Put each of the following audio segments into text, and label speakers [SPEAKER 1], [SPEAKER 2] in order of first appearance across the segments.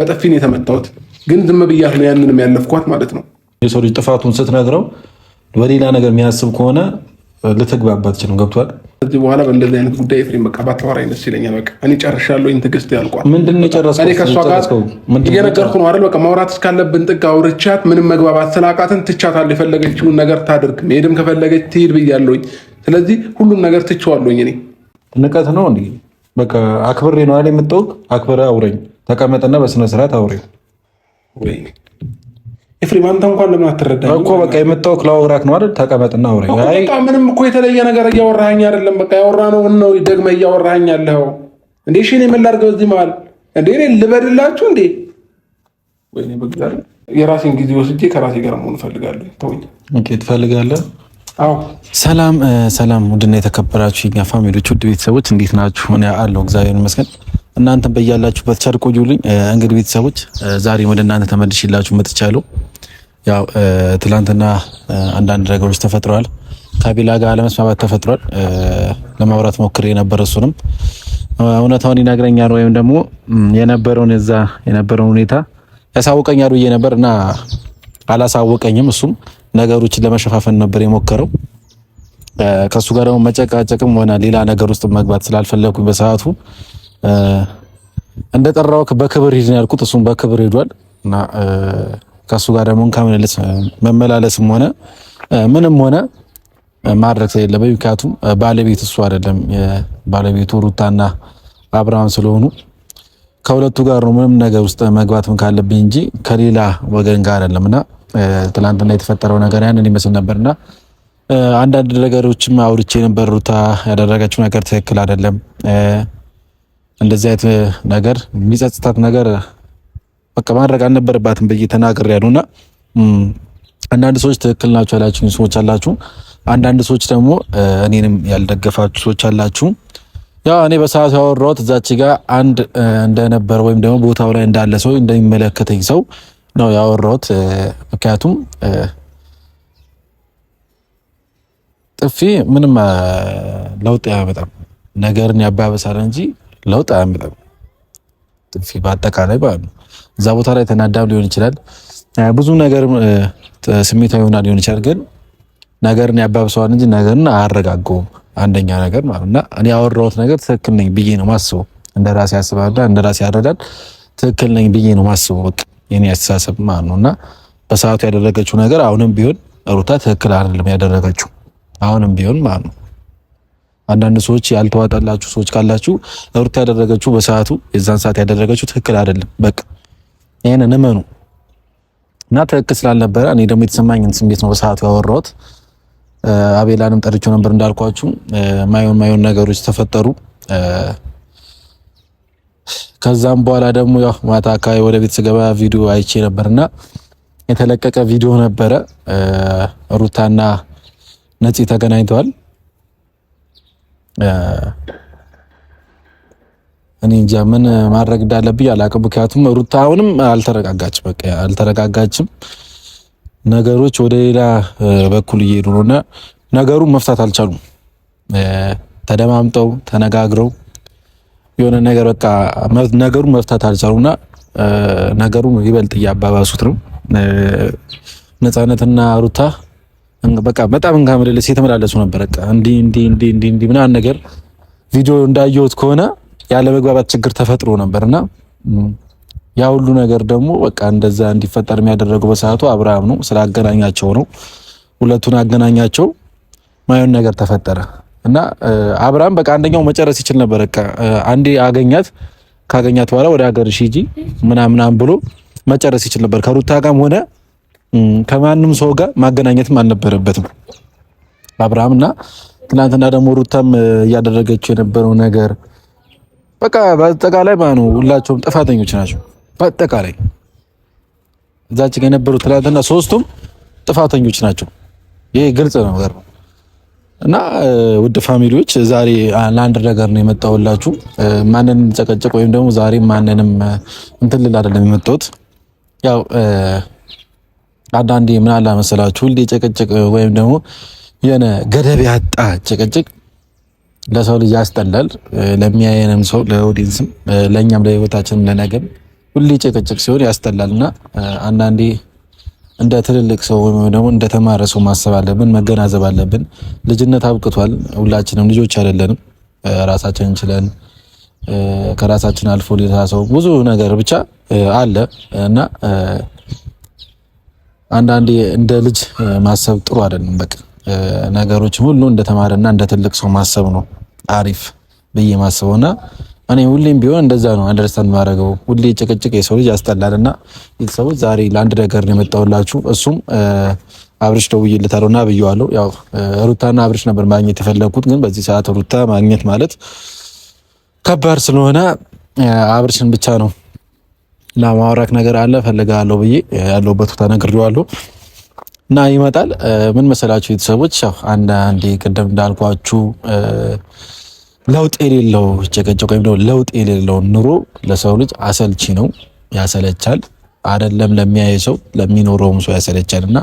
[SPEAKER 1] በጥፊ ነው የተመታሁት። ግን ዝም ብያት ነው ያንንም ያለፍኳት ማለት ነው።
[SPEAKER 2] የሰው ልጅ ጥፋቱን ስትነግረው በሌላ ነገር የሚያስብ ከሆነ ልትግባባ አትችልም። ገብቷል።
[SPEAKER 1] ከዚህ በኋላ በእንደዚህ አይነት ጉዳይ ፍሬ በቃ ባታወራኝ ደስ ይለኛል። በቃ እኔ ጨርሻለሁ። ይህን ትዕግስት ያልቋል።
[SPEAKER 2] ምንድን ነው የጨረስኩት?
[SPEAKER 1] እኔ ከእሷ ጋር እየነገርኩ ነው አይደል? በቃ ማውራት እስካለብን ጥግ አውርቻት፣ ምንም መግባባት ስላቃትን ትቻታለሁ። የፈለገችውን ነገር ታድርግ፣ መሄድም ከፈለገች ትሄድ ብያለሁኝ። ስለዚህ ሁሉም ነገር ትቼዋለሁኝ። እኔ
[SPEAKER 2] ንቀት ነው እንዲህ በቃ አክብሬ ነው አይደል የምትወቅ አክብሬ አውረኝ ተቀመጠና በስነ ስርዓት አውሬ
[SPEAKER 1] ኤፍሬም አንተ እንኳን ለምን አትረዳ
[SPEAKER 2] እኮ በቃ የምታወቅ ለአውራክ ነው አይደል? ተቀመጥና አውሬ
[SPEAKER 1] በቃ ምንም እኮ የተለየ ነገር እያወራኸኝ አይደለም። በቃ ያወራ ነው ነው ደግመ እያወራኸኝ ያለኸው እንዴ። ሽን የምላርገው እዚህ መሀል እንዴ? እኔ ልበድላችሁ እንዴ? የራሴን ጊዜ ወስጄ ከራሴ ጋር መሆን እፈልጋለሁ። ተወኝ።
[SPEAKER 2] ኦኬ ትፈልጋለህ ሰላም ሰላም፣ ውድና የተከበራችሁ የኛ ፋሚሊዎች ውድ ቤተሰቦች እንዴት ናችሁ? እኔ አለው እግዚአብሔር ይመስገን። እናንተም በያላችሁበት ቸር ቆዩልኝ። እንግዲህ ቤተሰቦች ዛሬ ወደ እናንተ ተመልሼላችሁ መጥቻለሁ። ያው ትላንትና አንዳንድ ነገሮች ተፈጥረዋል። ከቢላ ጋር አለመስማማት ተፈጥሯል። ለማውራት ሞክሬ የነበረ እሱንም እውነታውን ይነግረኛል ወይም ደግሞ የነበረውን የዛ የነበረውን ሁኔታ ያሳውቀኛል ብዬ ነበር እና አላሳወቀኝም። እሱም ነገሮችን ለመሸፋፈን ነበር የሞከረው። ከሱ ጋር ደግሞ መጨቃጨቅም ሆነ ሌላ ነገር ውስጥ መግባት ስላልፈለኩኝ በሰዓቱ እንደጠራው በክብር ሂድ ያልኩት። እሱም በክብር ሄዷል እና ከሱ ጋር ደግሞ ከምንልስ መመላለስም ሆነ ምንም ሆነ ማድረግ ስለሌለብኝ ምክንያቱም ባለቤት እሱ አይደለም ባለቤቱ ሩታና አብርሃም ስለሆኑ ከሁለቱ ጋር ነው ምንም ነገር ውስጥ መግባትም ካለብኝ እንጂ ከሌላ ወገን ጋር አይደለም እና ትላንትና የተፈጠረው ነገር ያንን ይመስል ነበርና አንዳንድ ነገሮችም አውርቼ ነበር። ሩታ ያደረገችው ነገር ትክክል አይደለም። እንደዚህ አይነት ነገር የሚጸጽታት ነገር በቃ ማድረግ አልነበረባትም ብዬ ተናግር ያሉና አንዳንድ ሰዎች ትክክል ናቸው ያላችሁ ሰዎች አላችሁ። አንዳንድ ሰዎች ደግሞ እኔንም ያልደገፋችሁ ሰዎች አላችሁ። ያው እኔ በሰዓት ያወራሁት እዛች ጋር አንድ እንደነበረ ወይም ደግሞ ቦታው ላይ እንዳለ ሰው እንደሚመለከተኝ ሰው ነው ያወራሁት። ምክንያቱም ጥፊ ምንም ለውጥ አያመጣም፣ ነገርን ያባበሳል እንጂ ለውጥ አያመጣም። ጥፊ በአጠቃላይ ማለት ነው። እዛ ቦታ ላይ ተናዳም ሊሆን ይችላል፣ ብዙ ነገር ስሜታዊ ሆና ሊሆን ይችላል፣ ግን ነገርን ያባብሰዋል እንጂ ነገርን አያረጋገውም። አንደኛ ነገር ማለት እና እኔ ያወራሁት ነገር ትክክል ነኝ ብዬ ነው ማስበው። እንደ ራሴ ያስባል፣ እንደ ራሴ ያረዳል። ትክክል ነኝ ብዬ ነው ማስበው በቃ የኔ አስተሳሰብ ማለት ነው። እና በሰዓቱ ያደረገችው ነገር አሁንም ቢሆን ሩታ ትክክል አይደለም ያደረገችው፣ አሁንም ቢሆን ማለት ነው። አንዳንድ ሰዎች ያልተዋጠላችሁ ሰዎች ካላችሁ ሩታ ያደረገችው በሰዓቱ የዛን ሰዓት ያደረገችው ትክክል አይደለም። በቃ ይሄንን እመኑ እና ትክክል ስላልነበረ እኔ ደግሞ የተሰማኝን ስሜት ነው በሰዓቱ ያወራሁት። አቤላንም ጠርቼው ነበር እንዳልኳችሁ ማየውን ማየውን ነገሮች ተፈጠሩ። ከዛም በኋላ ደግሞ ያው ማታ አካባቢ ወደ ቤት ስገባ ቪዲዮ አይቼ ነበርና የተለቀቀ ቪዲዮ ነበረ። ሩታና ነፂ ተገናኝተዋል። እኔ እንጃ ምን ማድረግ እንዳለብኝ አላውቅም። ምክንያቱም ሩታ አሁንም በቃ አልተረጋጋችም። ነገሮች ወደ ሌላ በኩል እየሄዱ ነውና ነገሩን መፍታት አልቻሉም። ተደማምጠው ተነጋግረው የሆነ ነገር በቃ ነገሩን መፍታት አልቻሉና ነገሩን ይበልጥ እያባባሱት ነው። ነፃነትና ሩታ በቃ በጣም እንካምልልስ የተመላለሱ ነበር። በቃ እንዲ እንዲ እንዲ እንዲ ምናምን ነገር ቪዲዮ እንዳየሁት ከሆነ ያለ መግባባት ችግር ተፈጥሮ ነበርና ያ ሁሉ ነገር ደግሞ በቃ እንደዛ እንዲፈጠር የሚያደረገው በሰዓቱ አብርሃም ነው። አገናኛቸው ነው፣ ሁለቱን አገናኛቸው። ማየን ነገር ተፈጠረ። እና አብርሃም በቃ አንደኛው መጨረስ ይችል ነበር። በቃ አንዴ አገኛት፣ ካገኛት በኋላ ወደ ሀገር ሂጂ ምናምን ብሎ መጨረስ ይችል ነበር። ከሩታ ጋርም ሆነ ከማንም ሰው ጋር ማገናኘትም አልነበረበትም አብርሃም። እና ትናንትና ደግሞ ሩታም እያደረገችው የነበረው ነገር በቃ በአጠቃላይ ማለት ሁላቸውም ጥፋተኞች ናቸው። በአጠቃላይ እዛች የነበሩ ትናንትና ሶስቱም ጥፋተኞች ናቸው። ይሄ ግልጽ ነው። እና ውድ ፋሚሊዎች ዛሬ ለአንድ ነገር ነው የመጣሁላችሁ። ማንንም ጨቀጨቅ ወይም ደግሞ ዛሬ ማንንም እንትን ልል አይደለም የመጣሁት። ያው አንዳንዴ ምን አላ መሰላችሁ ሁሌ ጨቀጨቅ ወይም ደግሞ የሆነ ገደብ ያጣ ጭቅጭቅ ለሰው ልጅ ያስጠላል። ለሚያየንም ሰው ለኦዲንስም፣ ለእኛም፣ ለህይወታችንም ለነገም ሁሌ ጭቅጭቅ ሲሆን ያስጠላል እና አንዳንዴ እንደ ትልልቅ ሰው ወይም ደግሞ እንደ ተማረ ሰው ማሰብ አለብን፣ መገናዘብ አለብን። ልጅነት አብቅቷል። ሁላችንም ልጆች አይደለንም። ራሳችን እንችለን ከራሳችን አልፎ ሌላ ሰው ብዙ ነገር ብቻ አለ እና አንዳንዴ እንደ ልጅ ማሰብ ጥሩ አይደለም። በቃ ነገሮችን ሁሉ እንደተማረና እንደ ትልቅ ሰው ማሰብ ነው አሪፍ ብዬ ማስበውና እኔ ሁሌም ቢሆን እንደዛ ነው አንደርስታንድ ማድረገው። ሁሌ ጭቅጭቅ የሰው ልጅ ያስጠላል። እና ቤተሰቦች ዛሬ ለአንድ ነገር ነው የመጣሁላችሁ። እሱም አብርሽ ደውዬለታለሁ እና ብየዋለሁ። ያው ሩታና አብርሽ ነበር ማግኘት የፈለግኩት፣ ግን በዚህ ሰዓት ሩታ ማግኘት ማለት ከባድ ስለሆነ አብርሽን ብቻ ነው ለማውራክ ነገር አለ ፈልጋለሁ ብዬ ያለሁበት ቦታ ነግሬዋለሁ። እና ይመጣል። ምን መሰላችሁ ቤተሰቦች ያው አንዳንዴ ቅድም እንዳልኳችሁ ለውጥ የሌለው ጭቅጭቅ ወይም ለውጥ የሌለው ኑሮ ለሰው ልጅ አሰልቺ ነው፣ ያሰለቻል። አይደለም ለሚያየ ሰው ለሚኖረውም ሰው ያሰለቻል እና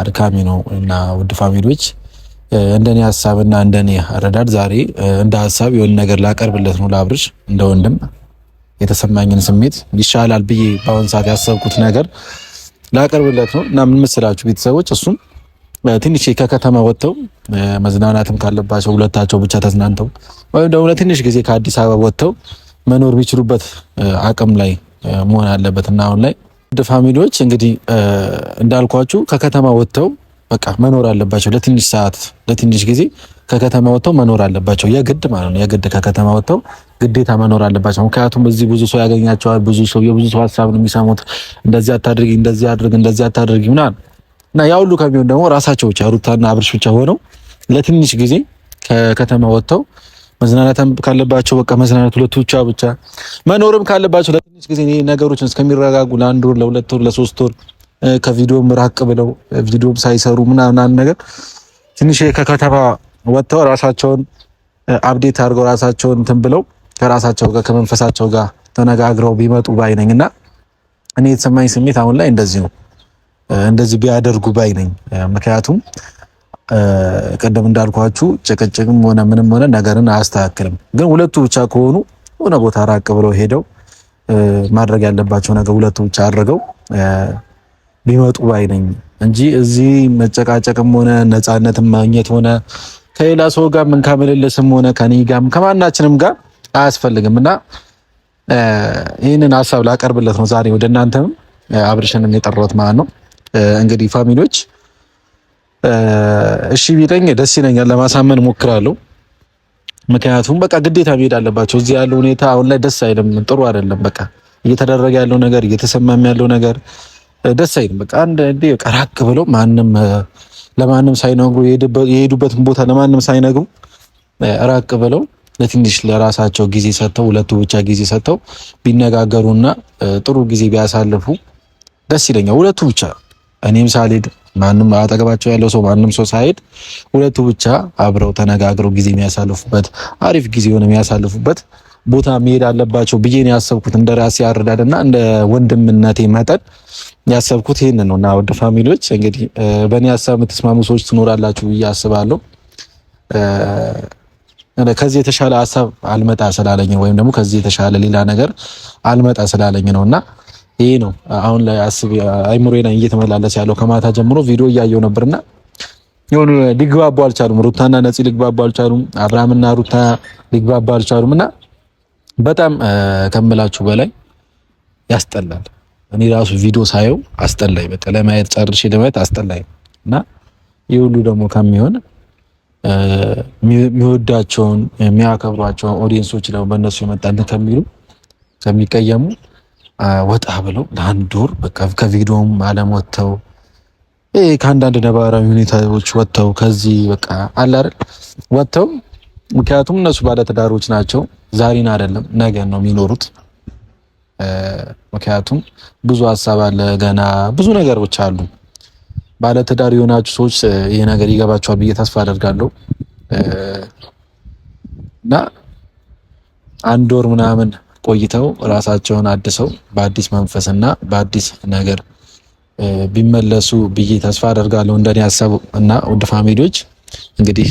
[SPEAKER 2] አድካሚ ነው እና ውድ ፋሚሊዎች እንደኔ ሀሳብና እንደኔ አረዳድ ዛሬ እንደ ሀሳብ የሆነ ነገር ላቀርብለት ነው ላብርሽ እንደ ወንድም የተሰማኝን ስሜት ይሻላል ብዬ በአሁን ሰዓት ያሰብኩት ነገር ላቀርብለት ነው እና ምን መሰላችሁ ቤተሰቦች እሱም ትንሽ ከከተማ ወጥተው መዝናናትም ካለባቸው ሁለታቸው ብቻ ተዝናንተው ወይም ደግሞ ለትንሽ ጊዜ ከአዲስ አበባ ወጥተው መኖር የሚችሉበት አቅም ላይ መሆን አለበት እና አሁን ላይ ፋሚሊዎች እንግዲህ እንዳልኳችሁ ከከተማ ወጥተው በቃ መኖር አለባቸው። ለትንሽ ሰዓት ለትንሽ ጊዜ ከከተማ ወጥተው መኖር አለባቸው። የግድ ማለት ነው። የግድ ከከተማ ወጥተው ግዴታ መኖር አለባቸው። ምክንያቱም እዚህ ብዙ ሰው ያገኛቸዋል። ብዙ ሰው የብዙ ሰው ሀሳብ ነው የሚሰሙት። እንደዚህ አታድርጊ፣ እንደዚህ አድርግ፣ እንደዚህ አታድርጊ ምናምን እና ያ ሁሉ ከሚሆን ደግሞ ራሳቸው ብቻ ሩታና አብርሽ ብቻ ሆነው ለትንሽ ጊዜ ከከተማ ወጥተው መዝናናትም ካለባቸው በቃ መዝናናት ሁለቱ ብቻ ብቻ መኖርም ካለባቸው ለትንሽ ጊዜ ነገሮችን እስከሚረጋጉ ለአንድ ወር፣ ለሁለት ወር፣ ለሶስት ወር ከቪዲዮም ራቅ ብለው ቪዲዮም ሳይሰሩ ምናምን ነገር ትንሽ ከከተማ ወጥተው ራሳቸውን አፕዴት አድርገው ራሳቸውን እንትን ብለው ከራሳቸው ጋር ከመንፈሳቸው ጋር ተነጋግረው ቢመጡ ባይ እና እኔ የተሰማኝ ስሜት አሁን ላይ እንደዚህ ነው። እንደዚህ ቢያደርጉ ባይ ነኝ። ምክንያቱም ቅድም እንዳልኳችሁ ጭቅጭቅም ሆነ ምንም ሆነ ነገርን አያስተካክልም። ግን ሁለቱ ብቻ ከሆኑ ሆነ ቦታ ራቅ ብለው ሄደው ማድረግ ያለባቸው ነገር ሁለቱ ብቻ አድርገው ቢመጡ ባይ ነኝ እንጂ እዚህ መጨቃጨቅም ሆነ ነፃነትም ማግኘት ሆነ ከሌላ ሰው ጋር ምን ከምልልስም ሆነ ከኔ ጋርም ከማናችንም ጋር አያስፈልግም እና ይህንን ሀሳብ ላቀርብለት ነው ዛሬ ወደ እናንተም አብርሽንም የጠራሁት ማለት ነው። እንግዲህ ፋሚሊዎች እሺ ቢለኝ ደስ ይለኛል፣ ለማሳመን ሞክራለሁ። ምክንያቱም በቃ ግዴታ መሄድ አለባቸው። እዚህ ያለው ሁኔታ አሁን ላይ ደስ አይልም፣ ጥሩ አይደለም። በቃ እየተደረገ ያለው ነገር እየተሰማም ያለው ነገር ደስ አይልም። በቃ አንድ እንዴ ቀራቅ ብሎ ብለው ማንም ለማንም ሳይነግሩ የሄዱበትን ቦታ ለማንም ሳይነግሩ ራቅ ብለው ለትንሽ ለራሳቸው ጊዜ ሰጥተው ሁለቱ ብቻ ጊዜ ሰጥተው ቢነጋገሩና ጥሩ ጊዜ ቢያሳልፉ ደስ ይለኛል። ሁለቱ ብቻ እኔም ሳልሄድ ማንም አጠገባቸው ያለው ሰው ማንም ሰው ሳይሄድ ሁለቱ ብቻ አብረው ተነጋግረው ጊዜ የሚያሳልፉበት አሪፍ ጊዜ ሆነ የሚያሳልፉበት ቦታ መሄድ አለባቸው ብዬ ነው ያሰብኩት። እንደ ራሴ አረዳድና እንደ ወንድምነቴ መጠን ያሰብኩት ይህን ነው እና ወደ ፋሚሊዎች እንግዲህ በእኔ ሀሳብ የምትስማሙ ሰዎች ትኖራላችሁ ብዬ አስባለሁ። ከዚህ የተሻለ ሀሳብ አልመጣ ስላለኝ ወይም ደግሞ ከዚህ የተሻለ ሌላ ነገር አልመጣ ስላለኝ ነው እና ይሄ ነው አሁን ላይ አስብ ላይ እየተመላለሰ ያለው ከማታ ጀምሮ ቪዲዮ እያየው ነበርና የሆኑ ሊግባቡ አልቻሉም። ሩታና ነፂ ሊግባቡ አልቻሉም። አብርሃምና ሩታ ሊግባቡ አልቻሉም። እና በጣም ከምላችሁ በላይ ያስጠላል። እኔ ራሱ ቪዲዮ ሳየው አስጠላኝ። በቃ ለማየት ጨርሼ ለማየት አስጠላኝ እና ይህ ሁሉ ደግሞ ከሚሆን የሚወዳቸውን የሚያከብሯቸውን ኦዲየንሶች ደግሞ በእነሱ የመጣልን ከሚሉ ከሚቀየሙ ወጣ ብለው ለአንድ ወር በቃ ከቪዲዮም አለም ወጥተው ከአንዳንድ ነባራዊ ሁኔታዎች ወጥተው ከዚህ በቃ አለ አይደል ወጥተው ምክንያቱም እነሱ ባለትዳሮች ናቸው። ዛሬን አይደለም ነገን ነው የሚኖሩት። ምክንያቱም ብዙ ሀሳብ አለ፣ ገና ብዙ ነገሮች አሉ። ባለትዳር የሆናችሁ ሰዎች ይሄ ነገር ይገባችኋል ብዬ ተስፋ አደርጋለሁ። እና አንድ ወር ምናምን ቆይተው ራሳቸውን አድሰው በአዲስ መንፈስና በአዲስ ነገር ቢመለሱ ብዬ ተስፋ አደርጋለሁ። እንደኔ ያሰቡ እና ውድ ፋሚሊዎች እንግዲህ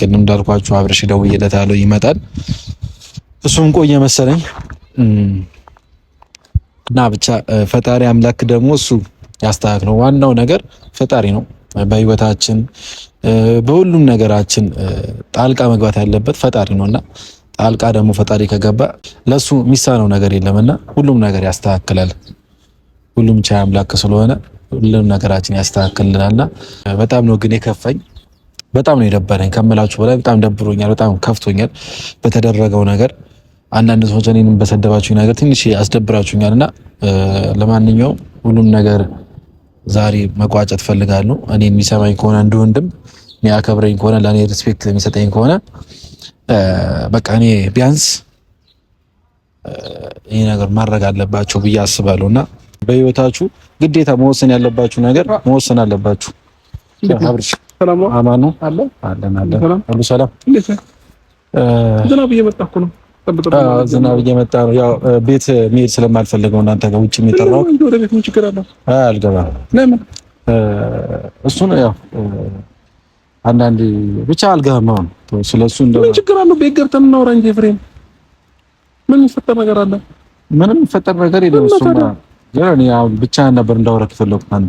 [SPEAKER 2] ቅድም እንዳልኳችሁ አብርሽ ደውዬለታለሁ፣ ይመጣል። እሱም ቆየ መሰለኝ እና ብቻ ፈጣሪ አምላክ ደግሞ እሱ ያስተካክለው። ዋናው ነገር ፈጣሪ ነው። በህይወታችን በሁሉም ነገራችን ጣልቃ መግባት ያለበት ፈጣሪ ነውና ጣልቃ ደግሞ ፈጣሪ ከገባ ለሱ የሚሳነው ነገር የለምና ሁሉም ነገር ያስተካክላል። ሁሉም ቻይ አምላክ ስለሆነ ሁሉም ነገራችን ያስተካክልናልና በጣም ነው ግን የከፋኝ፣ በጣም ነው የደበረኝ ከምላችሁ በላይ በጣም ደብሮኛል፣ በጣም ከፍቶኛል በተደረገው ነገር። አንዳንድ ሰዎች እኔንም በሰደባችሁኝ ነገር ትንሽ አስደብራችሁኛል እና ለማንኛውም ሁሉም ነገር ዛሬ መቋጨት ፈልጋለሁ። እኔ የሚሰማኝ ከሆነ እንደወንድም የሚያከብረኝ ከሆነ ለእኔ ሪስፔክት የሚሰጠኝ ከሆነ በቃ እኔ ቢያንስ ይህ ነገር ማድረግ አለባቸው ብዬ አስባለሁ። እና በህይወታችሁ ግዴታ መወሰን ያለባችሁ ነገር መወሰን አለባችሁ። አማኑ አለን አለን ሁሉ ሰላም።
[SPEAKER 1] ዝናብ እየመጣ እኮ ነው፣
[SPEAKER 2] ዝናብ እየመጣ ነው። ያው ቤት መሄድ ስለማልፈልገው እናንተ ጋር ውጭ የሚጠራው አልገባም። እሱን ያው አንዳንድ ብቻ አልገባም። አሁን ስለሱ እንደው
[SPEAKER 1] ምን ችግር አለው? ቤት ገብተን እናውራ እንጂ ፍሬም ምን የሚፈጠር ነገር አለ?
[SPEAKER 2] ምንም የሚፈጠር ነገር የለም። እሱ ያኔ አሁን ብቻ ነበር እንዳወራ ከፈለኩት አንተ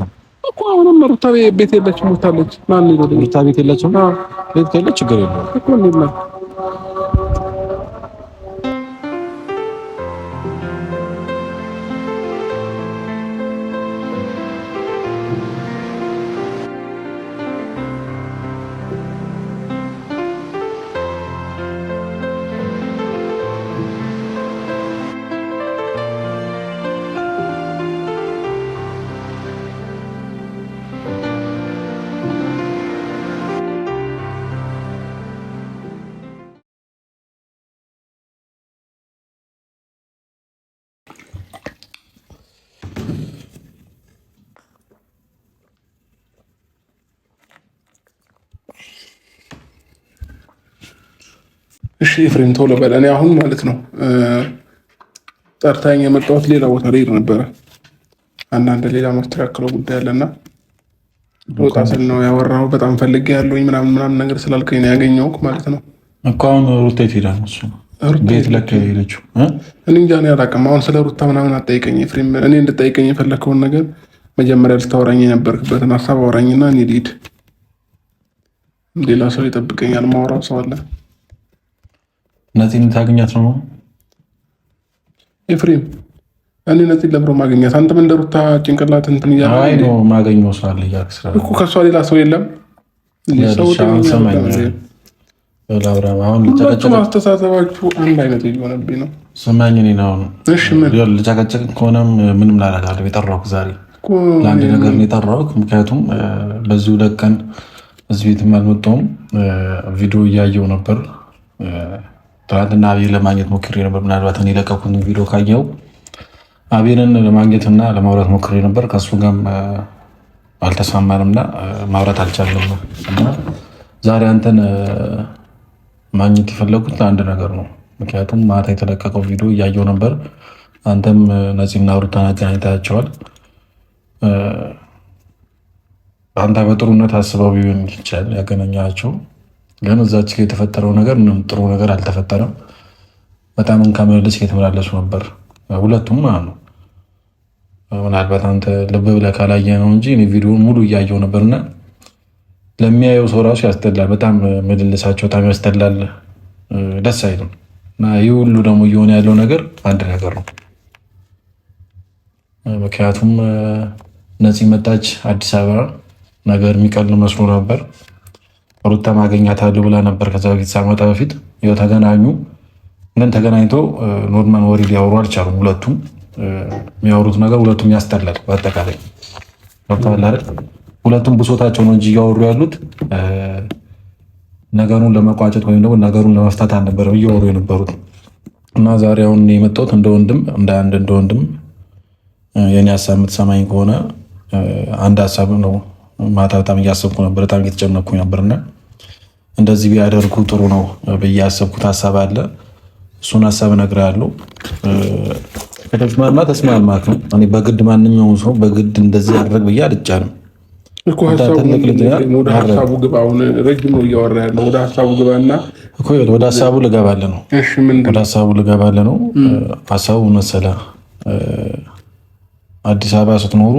[SPEAKER 1] እኮ አሁንም ሩታ ቤት የለችም፣ ሞታለች። ማን ነው
[SPEAKER 2] ሩታ ቤት የለችም? ቤት ከሌለች ችግር የለውም
[SPEAKER 1] እኮ ነው ኤፍሬም ቶሎ በል። እኔ አሁን ማለት ነው ጠርታኝ የመጣሁት ሌላ ቦታ ላይ ነበረ። አንዳንድ ሌላ ማስተካከለው ጉዳይ አለና ወጣ ስል ነው ያወራው። በጣም ፈልግ ያለኝ ምናምን ምናምን ነገር ስላልከኝ ነው ያገኘው ማለት ነው እኮ አሁን ሩታ ሄዳ ነው እሱ ቤት ለካ ሄደችው። እኔ እንጃ እኔ አላውቅም። አሁን ስለ ሩታ ምናምን አጠይቀኝ ፍሬም። እኔ እንድጠይቀኝ የፈለግከውን ነገር መጀመሪያ ልታወራኝ የነበርክበትን ሀሳብ አውራኝና እኔ ልሂድ። ሌላ ሰው ይጠብቀኛል። ማውራው ሰው አለ ነፂን ታገኛት ነው ኤፍሬም። እኔ ነፂን ለብሮ ማገኛት አንተ ምን እንደሩታ ጭንቅላት እንትን እያለ ነው ማገኘው ሰዋል እኮ ከእሷ ሌላ ሰው የለም። ሁለቱም አስተሳሰባችሁ አንድ አይነት እየሆነብኝ ነው። ስማኝ እኔን አሁን ልጨቀጭቅ ከሆነም ምንም ላደርጋለሁ። የጠራሁህ ዛሬ ለአንድ ነገር ነው ምክንያቱም በዚህ ሁለት ቀን እዚህ ቤትም አልመጣሁም። ቪዲዮ እያየሁ ነበር ትናንትና አቤል ለማግኘት ሞክሬ ነበር። ምናልባት እኔ የለቀኩትን ቪዲዮ ካየው አቤንን ለማግኘትና ለማውራት ሞክሬ ነበር። ከእሱ ጋርም አልተስማማንምና ማውራት አልቻለም እና ዛሬ አንተን ማግኘት የፈለጉት አንድ ነገር ነው። ምክንያቱም ማታ የተለቀቀው ቪዲዮ እያየው ነበር። አንተም ነፂና ሩታን አገናኝታቸዋል። አንተ በጥሩነት አስበው ቢሆን ይችላል ያገናኛቸው ግን እዛች ጋ የተፈጠረው ነገር ምንም ጥሩ ነገር አልተፈጠረም። በጣም እንካመለስ እየተመላለሱ ነበር ሁለቱም ማለት ነው። ምናልባት አንተ ልብ ብለህ ካላየህ ነው እንጂ እኔ ቪዲዮውን ሙሉ እያየው ነበርና ለሚያየው ሰው ራሱ ያስጠላል። በጣም ምልልሳቸው በጣም ያስጠላል፣ ደስ አይልም። እና ይህ ሁሉ ደግሞ እየሆነ ያለው ነገር አንድ ነገር ነው። ምክንያቱም ነፂ መጣች አዲስ አበባ ነገር የሚቀል መስሎ ነበር። ሩታ ማገኛታለሁ ብላ ነበር። ከዛ በፊት ሳመጣ በፊት ተገናኙ። ግን ተገናኝቶ ኖርማን ወሬ ሊያወሩ አልቻሉም። ሁለቱም የሚያወሩት ነገር ሁለቱም ያስጠላል። በአጠቃላይ ሁለቱም ብሶታቸው ነው እንጂ እያወሩ ያሉት ነገሩን ለመቋጨት ወይም ደግሞ ነገሩን ለመፍታት አልነበረም እያወሩ የነበሩት እና ዛሬ አሁን የመጣሁት እንደ ወንድም እንደ አንድ እንደ ወንድም የኔ ሀሳብ የምትሰማኝ ከሆነ አንድ ሀሳብ ነው። ማታ በጣም እያሰብኩ ነበር፣ በጣም እየተጨነኩኝ ነበርና እንደዚህ ቢያደርጉ ጥሩ ነው ብዬ ያሰብኩት ሀሳብ አለ። እሱን ሀሳብ እነግርሃለሁ። ከተስማማ ተስማማት ነው። እኔ በግድ ማንኛውም ሰው በግድ እንደዚህ ያደርግ ብዬ አልጫንም። ወደ ሀሳቡ ልገባለ ነው ወደ ሀሳቡ ልገባለ ነው። ሀሳቡ መሰለ አዲስ አበባ ስትኖሩ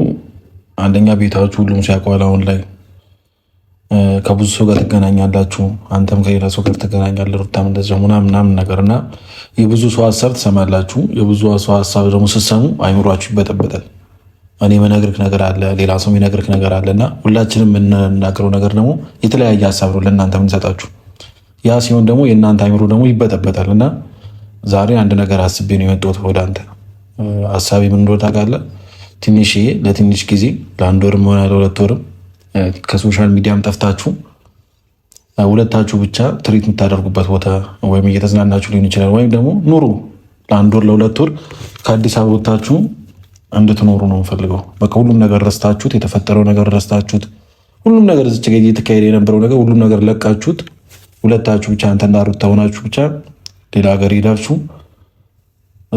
[SPEAKER 1] አንደኛ ቤታችሁ ሁሉም ሲያውቀዋል አሁን ላይ ከብዙ ሰው ጋር ትገናኛላችሁ፣ አንተም ከሌላ ሰው ጋር ትገናኛለህ፣ ሩታም እንደዚያው ምናምን ምናምን ነገር እና የብዙ ሰው ሀሳብ ትሰማላችሁ። የብዙ ሰው ሀሳብ ደግሞ ስትሰሙ አይምሯችሁ ይበጠበጣል። እኔ የምነግርህ ነገር አለ፣ ሌላ ሰው የሚነግርህ ነገር አለ እና ሁላችንም የምንናገረው ነገር ደግሞ የተለያየ ሀሳብ ነው ለእናንተ የምንሰጣችሁ። ያ ሲሆን ደግሞ የእናንተ አይምሮ ደግሞ ይበጠበጣል እና ዛሬ አንድ ነገር አስቤ ነው የመጣሁት ወደ አንተ። ሀሳቤ ምን እንደሆነ ታውቃለህ። ትንሽዬ ለትንሽ ጊዜ ለአንድ ወርም ሆነ ለሁለት ወርም ከሶሻል ሚዲያም ጠፍታችሁ ሁለታችሁ ብቻ ትሪት የምታደርጉበት ቦታ ወይም እየተዝናናችሁ ሊሆን ይችላል። ወይም ደግሞ ኑሩ ለአንድ ወር ለሁለት ወር ከአዲስ አበባ ወጥታችሁ እንድትኖሩ ነው የምፈልገው። በቃ ሁሉም ነገር ረስታችሁት፣ የተፈጠረው ነገር ረስታችሁት፣ ሁሉም ነገር ዝች እየተካሄደ የነበረው ነገር ሁሉም ነገር ለቃችሁት፣ ሁለታችሁ ብቻ አንተና ሩታ ሆናችሁ ብቻ ሌላ ሀገር ሄዳችሁ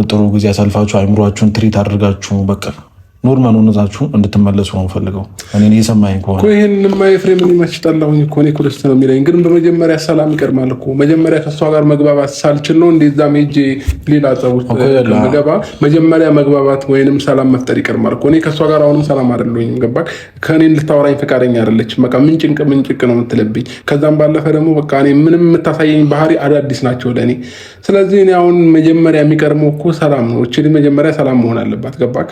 [SPEAKER 1] ጥሩ ጊዜ አሳልፋችሁ አይምሯችሁን ትሪት አድርጋችሁ በቃ ኖርማል ሆነታችሁ እንድትመለሱ ነው ፈልገው። እኔ እየሰማኝ ከሆነ ይህን ኤፍሬም ይመችጠላሁኝ እኮ እኔ ኩልስ ነው የሚለኝ፣ ግን በመጀመሪያ ሰላም ይቀድማል እኮ። መጀመሪያ ከእሷ ጋር መግባባት ሳልችል ነው እንደዛ ሄጄ ሌላ ጸቡ ገባ። መጀመሪያ መግባባት ወይንም ሰላም መፍጠር ይቀድማል እኮ። እኔ ከእሷ ጋር አሁንም ሰላም አይደለሁኝም። ገባ። ከእኔ ልታወራኝ ፈቃደኛ አይደለችም። በቃ ምንጭንቅ ምንጭንቅ ነው የምትለብኝ። ከዛም ባለፈ ደግሞ በቃ እኔ ምንም የምታሳየኝ ባህሪ አዳዲስ ናቸው ለእኔ። ስለዚህ እኔ አሁን መጀመሪያ የሚቀድመው እኮ ሰላም ነው። እች መጀመሪያ ሰላም መሆን አለባት። ገባክ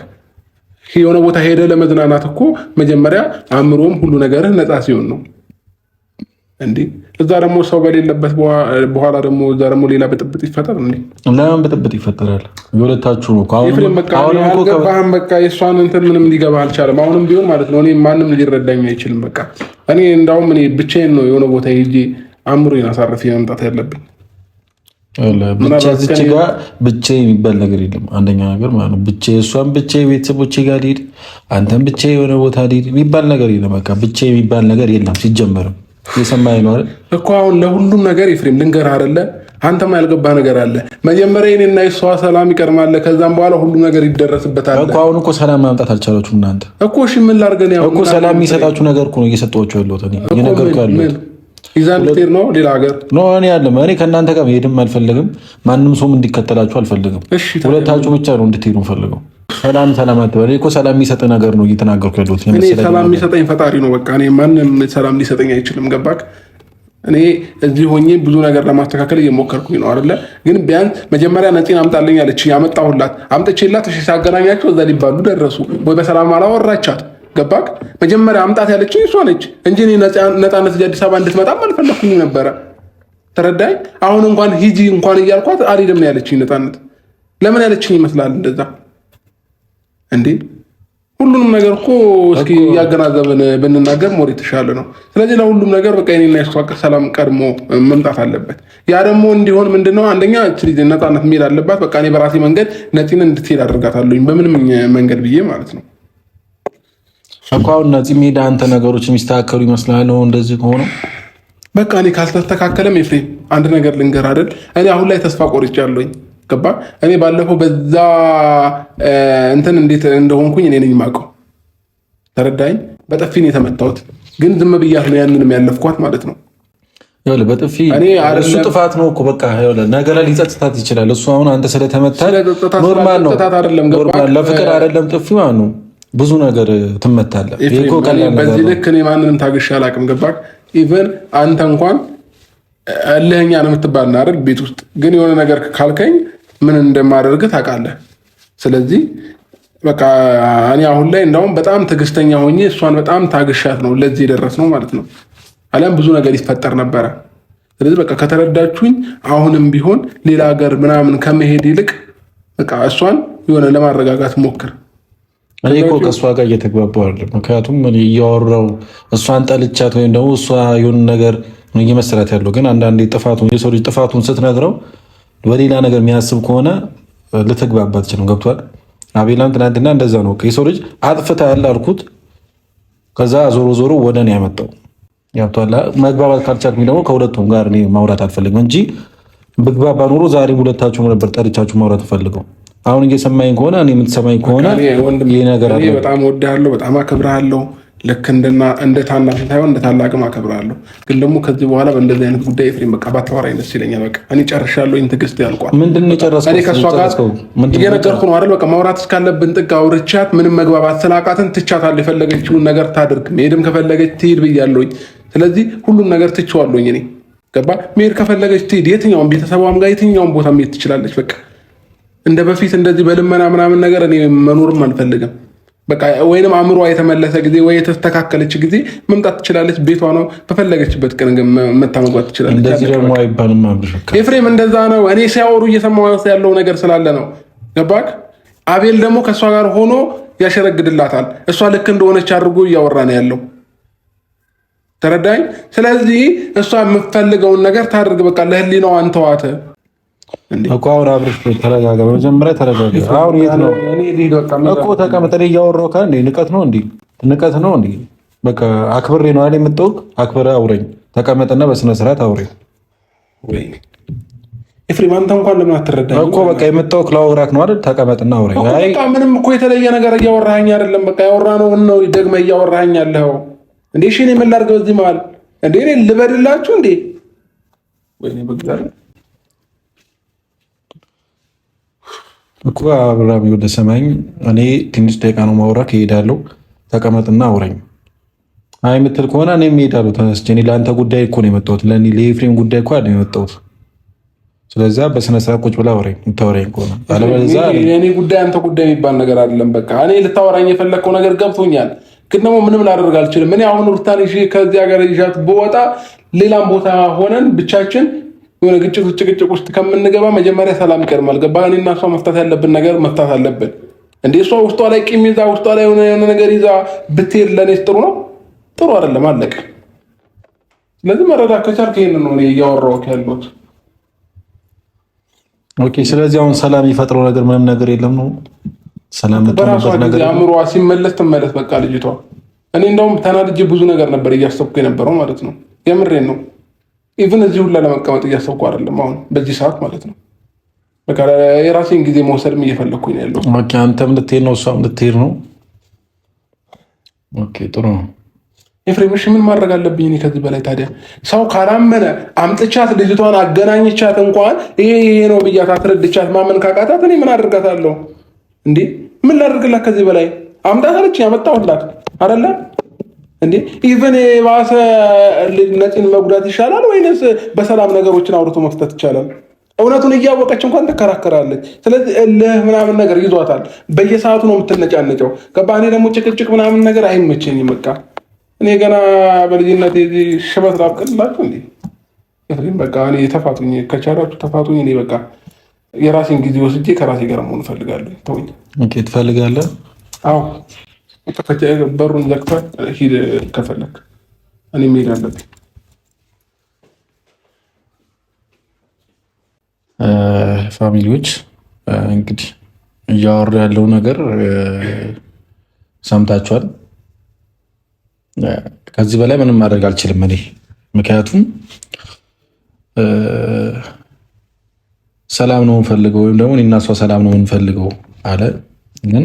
[SPEAKER 1] የሆነ ቦታ ሄደ ለመዝናናት እኮ መጀመሪያ አእምሮም ሁሉ ነገርህ ነፃ ሲሆን ነው እንዴ። እዛ ደግሞ ሰው በሌለበት በኋላ ደግሞ እዛ ደግሞ ሌላ ብጥብጥ ይፈጠር እንዴ? ለምን ብጥብጥ ይፈጠራል? የሁለታችሁ ነው። በቃ የእሷን እንትን ምንም ሊገባ አልቻለም። አሁንም ቢሆን ማለት ነው እኔ ማንም ሊረዳኝ አይችልም። በቃ እኔ እንዳውም እኔ ብቻዬን ነው የሆነ ቦታ ሄጄ አእምሮዬን አሳርፌ መምጣት ያለብኝ። ብቻ ጋ ብቻ የሚባል ነገር የለም። አንደኛ ነገር ማለት ነው ብቻ እሷን ብቻ ቤተሰቦቼ ጋር ልሄድ፣ አንተም ብቻ የሆነ ቦታ ልሄድ የሚባል ነገር የለም። በቃ ብቻ የሚባል ነገር የለም። ሲጀመርም የሰማኸኝ ነው አይደል እኮ አሁን ለሁሉም ነገር ኤፍሬም ልንገርህ አይደለ አንተም ያልገባ ነገር አለ። መጀመሪያ እኔና እሷ ሰላም ይቀድማል፣ ከዛም በኋላ ሁሉም ነገር ይደረስበታል እኮ። አሁን እኮ ሰላም ማምጣት አልቻላችሁም እናንተ እኮ። እሺ ምን ላድርገን? ያው እኮ ሰላም የሚሰጣችሁ ነገር እኮ ነው እየሰጠኋቸው ያለሁት እኔ እየነገርኩህ ያለሁት ኤግዛምፕል ነው ሌላ ሀገር ኖ እኔ አይደለም። እኔ ከእናንተ ጋር መሄድም አልፈልግም። ማንም ሰውም እንዲከተላችሁ አልፈልግም። ሁለታችሁ ብቻ ነው እንድትሄዱ ፈልገው። ሰላም ሰላም አትበል እኮ ሰላም የሚሰጥ ነገር ነው እየተናገርኩ ያለሁት። ሰላም የሚሰጠኝ ፈጣሪ ነው። በቃ እኔ ማንም ሰላም ሊሰጠኝ አይችልም። ገባክ? እኔ እዚህ ሆኜ ብዙ ነገር ለማስተካከል እየሞከርኩኝ ነው አይደለ? ግን ቢያንስ መጀመሪያ ነፂን አምጣልኝ አለች። ያመጣሁላት አምጥቼላት ሳገናኛቸው እዛ ሊባሉ ደረሱ ወይ በሰላም አላወራቻት ገባክ? መጀመሪያ አምጣት ያለችኝ እሷ ነች እንጂ ነፃነት እዚህ አዲስ አበባ እንድትመጣም አልፈለኩኝ ነበረ። ተረዳኝ። አሁን እንኳን ሂጂ እንኳን እያልኳት አልሄድም ያለችኝ። ነፃነት ለምን ያለችኝ ይመስላል እንደዛ እንዴ? ሁሉንም ነገር እኮ እስኪ እያገናዘብን ብንናገር ሞር የተሻለ ነው። ስለዚህ ለሁሉም ነገር በቃ የኔና የሷ ሰላም ቀድሞ መምጣት አለበት። ያ ደግሞ እንዲሆን ምንድነው አንደኛ ልጅ ነፃነት መሄድ አለባት። በቃ እኔ በራሴ መንገድ ነፂን እንድትሄድ አድርጋታለሁኝ በምንም መንገድ ብዬ ማለት ነው። እኮ አሁን ነፂ ሜዳ አንተ ነገሮች የሚስተካከሉ ይመስላል። እንደዚህ ከሆነ በቃ እኔ ካልተስተካከለም ኤፍሬም አንድ ነገር ልንገር አይደል፣ እኔ አሁን ላይ ተስፋ ቆርጬ ያለኝ ገባ። እኔ ባለፈው በዛ እንትን እንዴት እንደሆንኩኝ እኔ ነኝ የማውቀው። ተረዳኝ። በጥፊ ነው የተመታሁት፣ ግን ዝም ብያት ነው ያንንም ያለፍኳት ማለት ነው። በጥፊ እሱ ጥፋት ነው እኮ በቃ ነገ ላይ ሊጸጽታት ይችላል። እሱ አሁን አንተ ስለተመታ ኖርማል ነው፣ ለፍቅር አይደለም ጥፊ ማለት ነው ብዙ ነገር ትመታለህ። በዚህ ልክ እኔ ማንንም ታግሼ አላውቅም። ገባህ? ኢቨን አንተ እንኳን እልህኛ ነው የምትባል አይደል? ቤት ውስጥ ግን የሆነ ነገር ካልከኝ ምን እንደማደርግ ታውቃለህ። ስለዚህ በቃ እኔ አሁን ላይ እንዳውም በጣም ትዕግስተኛ ሆኜ እሷን በጣም ታግሻት ነው ለዚህ የደረስነው ማለት ነው። አሊያም ብዙ ነገር ይፈጠር ነበረ። ስለዚህ በቃ ከተረዳችሁኝ፣ አሁንም ቢሆን ሌላ ሀገር ምናምን ከመሄድ ይልቅ በቃ እሷን የሆነ ለማረጋጋት ሞክር። እኔ እኮ ከእሷ ጋር እየተግባባ አይደለም። ምክንያቱም እያወራው እሷን ጠልቻት ወይም ደግሞ እሷ የሆን ነገር እየመሰላት ያለው ግን አንዳንዴ ጥፋቱን የሰው ልጅ ጥፋቱን ስትነግረው በሌላ ነገር የሚያስብ ከሆነ ልትግባባ ትችልም። ገብቷል። አቤላም ትናንትና እንደዛ ነው። የሰው ልጅ አጥፍታ ያላልኩት ከዛ ዞሮ ዞሮ ወደ እኔ ያመጣው ገብቷል። መግባባት ካልቻልኩኝ ደግሞ ከሁለቱም ጋር እኔ ማውራት አልፈልግም እንጂ ብግባባ ኖሮ ዛሬም ሁለታችሁም ነበር ጠርቻችሁ ማውራት ፈልገው አሁን እየሰማኝ ከሆነ እኔ የምትሰማኝ ከሆነ ይህ ነገር አለ። በጣም ወድሃለሁ፣ በጣም አከብርሃለሁ። ልክ እንደ ታናሽ ሳይሆን እንደ ታላቅም አከብርሃለሁ። ግን ደግሞ ከዚህ በኋላ በእንደዚህ አይነት ጉዳይ ኤፍሬም በቃ ባታወራኝ ደስ ይለኛል። በቃ እኔ ጨርሻለሁ። ይህን ትዕግስት ያልቋል። ምንድን ነው ከእሷ ጋር እየነገርኩህ ነው አይደል? በቃ ማውራት እስካለብን ጥግ አውርቻት፣ ምንም መግባባት ስላቃትን ትቻታለሁ። የፈለገችውን ነገር ታድርግ፣ መሄድም ከፈለገች ትሄድ ብያለሁኝ። ስለዚህ ሁሉም ነገር ትችዋለሁኝ። እኔ ገባ መሄድ ከፈለገች ትሄድ፣ የትኛውም ቤተሰቧም ጋር የትኛውም ቦታ መሄድ ትችላለች። በቃ እንደ በፊት እንደዚህ በልመና ምናምን ነገር እኔ መኖርም አልፈልግም። በቃ ወይንም አእምሮ የተመለሰ ጊዜ ወይ የተስተካከለች ጊዜ መምጣት ትችላለች። ቤቷ ነው፣ በፈለገችበት ቀን መታ ትችላለች። ኤፍሬም እንደዛ ነው። እኔ ሲያወሩ እየሰማ ያለው ነገር ስላለ ነው። ገባክ? አቤል ደግሞ ከእሷ ጋር ሆኖ ያሸረግድላታል። እሷ ልክ እንደሆነች አድርጎ እያወራ ነው ያለው። ተረዳኝ። ስለዚህ እሷ የምትፈልገውን ነገር ታደርግ በቃ ለህሊናዋ አንተዋት። እኮ አሁን አብርሽ ተረጋጋ። በመጀመሪያ ተረጋጋ። አሁን የት ነው እኮ ተቀምጠን እያወራሁ ካለ እንደ ንቀት ነው እንደ ንቀት ነው እንደ በቃ አክብሬ ነው አይደል የምትወቅ አክብሬ አውረኝ። ተቀመጥና በስነ ስርዓት አውረኝ። ኤፍሬም አንተ እንኳን ለምን አትረዳኝ እኮ በቃ የምታወቅ ላወራክ ነው አይደል? ተቀመጥና አውረኝ። አይ ምንም እኮ የተለየ ነገር እያወራኸኝ አይደለም። በቃ ያወራነውን ነው ደግመህ እያወራኸኝ ያለኸው እንዴ። እሺ እኔ ምን ላድርግ መሀል እንዴ? ልበድላችሁ እንዴ? ወይኔ በእግዚአብሔር እኮ አብራሚ ወደ ሰማኝ እኔ ትንሽ ደቂቃ ነው ማውራ ከሄዳለሁ ተቀመጥና አውረኝ። አይ የምትል ከሆነ እኔ እሄዳለሁ ተነስቼ። እኔ ለአንተ ጉዳይ እኮ ነው የመጣሁት፣ ለእኔ ለኤፍሬም ጉዳይ እኮ አይደል የመጣሁት። ስለዚያ በስነ ስርዓት ቁጭ ብላ አውረኝ፣ የምታወራኝ ከሆነ አለበለዚያ እኔ ጉዳይ አንተ ጉዳይ የሚባል ነገር አይደለም። በቃ እኔ ልታወራኝ የፈለግከው ነገር ገብቶኛል፣ ግን ደግሞ ምንም ላደርግ አልችልም። እኔ አሁን ሩታን ከዚህ ሀገር ይዣት በወጣ ሌላም ቦታ ሆነን ብቻችን የሆነ ግጭት ውጭ ግጭት ውስጥ ከምንገባ መጀመሪያ ሰላም ይቀድማል። ገባህ? እኔና እሷ መፍታት ያለብን ነገር መፍታት አለብን። እንደ እሷ ውስጧ ላይ ቂም ይዛ ውስጧ ላይ የሆነ ነገር ይዛ ብትሄድ ለእኔስ ጥሩ ነው? ጥሩ አይደለም። አለቀ። ስለዚህ መረዳት ከቻልክ ይሄንን ነው እያወራሁት ያለሁት። ኦኬ። ስለዚህ አሁን ሰላም የሚፈጥረው ነገር ምንም ነገር የለም ነው ሰላም አእምሯ ሲመለስ ትመለስ። በቃ ልጅቷ እኔ እንደውም ተናድጄ ብዙ ነገር ነበር እያሰብኩ የነበረው ማለት ነው። የምሬን ነው ኢቨን እዚህ ሁላ ለመቀመጥ እያሰብኩ አይደለም አሁን በዚህ ሰዓት ማለት ነው። በቃ የራሴን ጊዜ መውሰድም እየፈለግኩኝ ነው ያለው። አንተም ልትሄድ ነው፣ እሷም ልትሄድ ነው። ጥሩ ነው። ኤፍሬምሽ ምን ማድረግ አለብኝ እኔ ከዚህ በላይ ታዲያ? ሰው ካላመነ አምጥቻት ልጅቷን አገናኝቻት እንኳን ይሄ ይሄ ነው ብያት አስረድቻት ማመን ካቃታት እኔ ምን አድርጋታለሁ እንዴ? ምን ላድርግላት ከዚህ በላይ አምጣት አለችኝ፣ አመጣሁላት አይደለ እንዴ ኢቨን የባሰ ነፂን መጉዳት ይሻላል ወይንስ በሰላም ነገሮችን አውርቶ መፍታት ይቻላል? እውነቱን እያወቀች እንኳን ትከራከራለች። ስለዚህ እልህ ምናምን ነገር ይዟታል። በየሰዓቱ ነው የምትነጫነጨው። ገባ? እኔ ደግሞ ጭቅጭቅ ምናምን ነገር አይመቸኝም። በቃ እኔ ገና በልጅነት ሽበት ላብቅልላችሁ እንዴ በቃ እኔ ተፋቱኝ፣ ከቻላችሁ ተፋቱኝ። እኔ በቃ የራሴን ጊዜ ወስጄ ከራሴ ጋር መሆን እፈልጋለሁ። ተውኝ። ትፈልጋለህ? አዎ በሩን ዘግተህ ሂድ ከፈለክ እኔ መሄድ አለብኝ። ፋሚሊዎች እንግዲህ እያወሩ ያለው ነገር ሰምታችኋል። ከዚህ በላይ ምንም ማድረግ አልችልም እኔ ምክንያቱም ሰላም ነው የምንፈልገው ወይም ደግሞ እኔና እሷ ሰላም ነው የምንፈልገው አለ ግን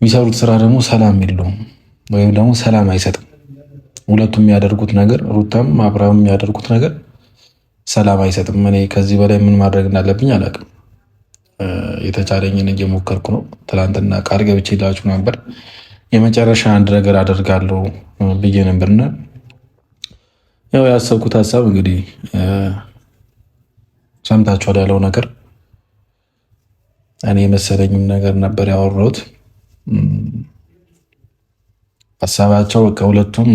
[SPEAKER 1] የሚሰሩት ስራ ደግሞ ሰላም የለውም ወይም ደግሞ ሰላም አይሰጥም። ሁለቱም የሚያደርጉት ነገር ሩታም አብርሃም የሚያደርጉት ነገር ሰላም አይሰጥም። እኔ ከዚህ በላይ ምን ማድረግ እንዳለብኝ አላቅም። የተቻለኝን እየሞከርኩ ነው። ትላንትና ቃል ገብቼ ላችሁ ነበር የመጨረሻ አንድ ነገር አደርጋለሁ ብዬ ነበርና ያው ያሰብኩት ሀሳብ እንግዲህ ሰምታችኋል ያለው ነገር እኔ የመሰለኝም ነገር ነበር ያወራሁት። ሀሳባቸው ከሁለቱም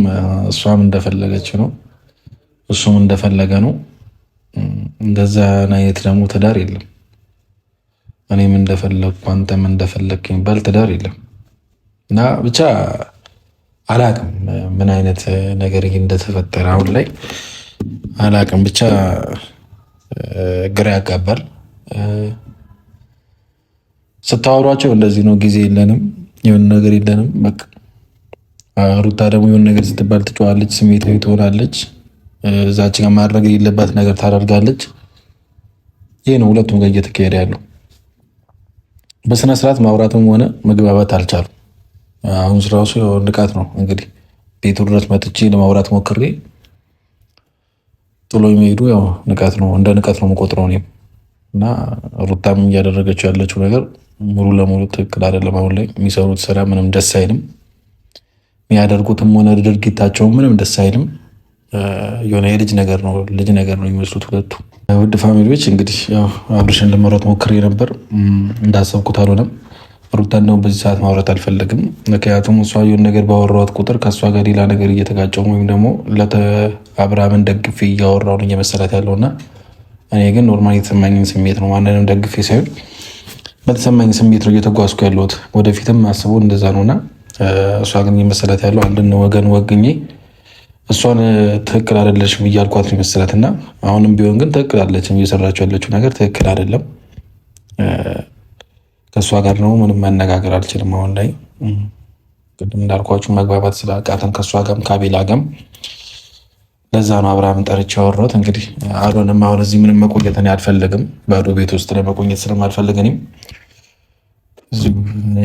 [SPEAKER 1] እሷም እንደፈለገች ነው፣ እሱም እንደፈለገ ነው። እንደዛ ናየት ደግሞ ትዳር የለም። እኔም እንደፈለግኩ አንተም እንደፈለግ የሚባል ትዳር የለም። እና ብቻ አላቅም ምን አይነት ነገር እንደተፈጠረ አሁን ላይ አላቅም። ብቻ ግራ ያጋባል። ስታወሯቸው እንደዚህ ነው። ጊዜ የለንም፣ የሆነ ነገር የለንም። በቃ ሩታ ደግሞ የሆነ ነገር ስትባል ትጮዋለች፣ ስሜታዊ ትሆናለች፣ እዛች ጋር ማድረግ የሌለባት ነገር ታደርጋለች። ይህ ነው ሁለቱም ጋር እየተካሄደ ያለው። በስነ ስርዓት ማውራትም ሆነ መግባባት አልቻሉም። አሁን ስራሱ ንቃት ነው እንግዲህ ቤቱ ድረስ መጥቼ ለማውራት ሞክሬ ጥሎ የሚሄዱ ያው ንቃት ነው፣ እንደ ንቃት ነው የምቆጥረው እኔም እና ሩታም እያደረገችው ያለችው ነገር ሙሉ ለሙሉ ትክክል አይደለም። አሁን ላይ የሚሰሩት ስራ ምንም ደስ አይልም። የሚያደርጉትም ሆነ ድርጊታቸው ምንም ደስ አይልም። የሆነ የልጅ ነገር ነው ልጅ ነገር ነው የሚመስሉት ሁለቱ። ውድ ፋሚሊዎች እንግዲህ አብርሽን ለመሮጥ ሞክሬ ነበር፣ እንዳሰብኩት አልሆነም። ሩታን ደግሞ በዚህ ሰዓት ማውረት አልፈለግም። ምክንያቱም እሷ የሆነ ነገር ባወራኋት ቁጥር ከእሷ ጋር ሌላ ነገር እየተጋጨው ወይም ደግሞ አብርሃምን ደግፌ እያወራሁ ነው እየመሰላት ያለውና እኔ ግን ኖርማል የተሰማኝን ስሜት ነው ማንንም ደግፌ ሳይሆን በተሰማኝ ስሜት ነው እየተጓዝኩ ያለሁት። ወደፊትም አስቦ እንደዛ ነውና እሷ ግን የመሰላት ያለው አንድን ወገን ወግኜ እሷን ትክክል አደለች እያልኳት ነው የመሰላት እና አሁንም ቢሆን ግን ትክክል አለች እየሰራችው ያለችው ነገር ትክክል አደለም። ከእሷ ጋር ደግሞ ምንም መነጋገር አልችልም። አሁን ላይ ቅድም እንዳልኳችሁ መግባባት ስለ አቃተን ከእሷ ጋርም ከአቤላ ጋርም ለዛ ነው አብርሃምን ጠርቼ ያወራሁት። እንግዲህ አሮንም አሁን እዚህ ምንም መቆየት እኔ አልፈልግም፣ ባዶ ቤት ውስጥ ላይ መቆየት ስለማልፈልግ እኔም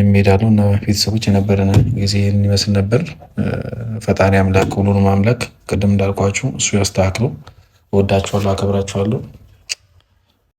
[SPEAKER 1] የሚሄዳሉ እና ቤተሰቦች የነበረን ጊዜ ይመስል ነበር። ፈጣሪ አምላክ ሁሉንም አምላክ ቅድም እንዳልኳችሁ እሱ ያስተካክለው። እወዳችኋለሁ፣ አከብራችኋለሁ።